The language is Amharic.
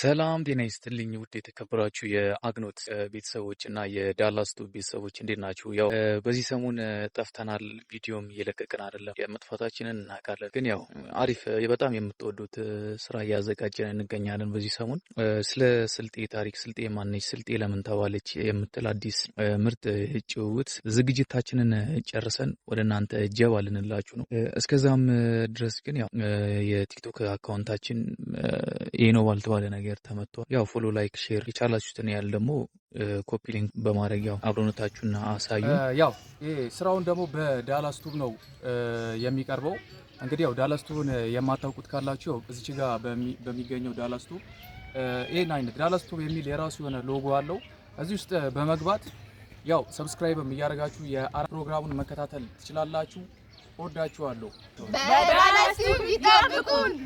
ሰላም ጤና ይስጥልኝ ውድ የተከበራችሁ የአግኖት ቤተሰቦች እና የዳላስቱ ቤተሰቦች እንዴት ናችሁ? ያው በዚህ ሰሞን ጠፍተናል፣ ቪዲዮም እየለቀቅን አይደለም። መጥፋታችንን እናውቃለን፣ ግን ያው አሪፍ በጣም የምትወዱት ስራ እያዘጋጀን እንገኛለን። በዚህ ሰሞን ስለ ስልጤ ታሪክ፣ ስልጤ ማነች፣ ስልጤ ለምን ተባለች የምትል አዲስ ምርጥ ጭውውት ዝግጅታችንን ጨርሰን ወደ እናንተ ጀባ ልንላችሁ ነው። እስከዛም ድረስ ግን ያው የቲክቶክ አካውንታችን ይህ ነው ባልተባለ ነገር ነገር ተመቷል። ያው ፎሎ፣ ላይክ፣ ሼር የቻላችሁትን ያህል ደግሞ ኮፒ ሊንክ በማድረግ ያው አብሮነታችሁና አሳዩ። ያው ስራውን ደግሞ በዳላስ ቱብ ነው የሚቀርበው። እንግዲህ ያው ዳላስ ቱብን የማታውቁት ካላችሁ እዚች ጋ በሚገኘው ዳላስ ቱብ ይህን አይነት ዳላስ ቱብ የሚል የራሱ የሆነ ሎጎ አለው። እዚህ ውስጥ በመግባት ያው ሰብስክራይብም እያደረጋችሁ የአራት ፕሮግራሙን መከታተል ትችላላችሁ። ወዳችኋለሁ። በዳላስ ቱብ ይጠብቁን።